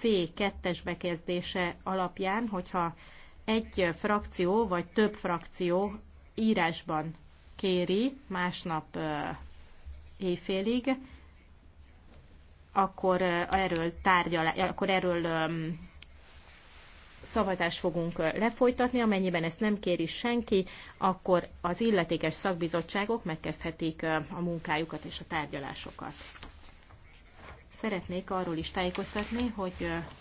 C es bekezdése alapján, hogyha egy frakció vagy több frakció írásban kéri másnap éjfélig, akkor erről, tárgyal, akkor erről szavazást fogunk lefolytatni, amennyiben ezt nem kéri senki, akkor az illetékes szakbizottságok megkezdhetik a munkájukat és a tárgyalásokat. Szeretnék arról is tájékoztatni, hogy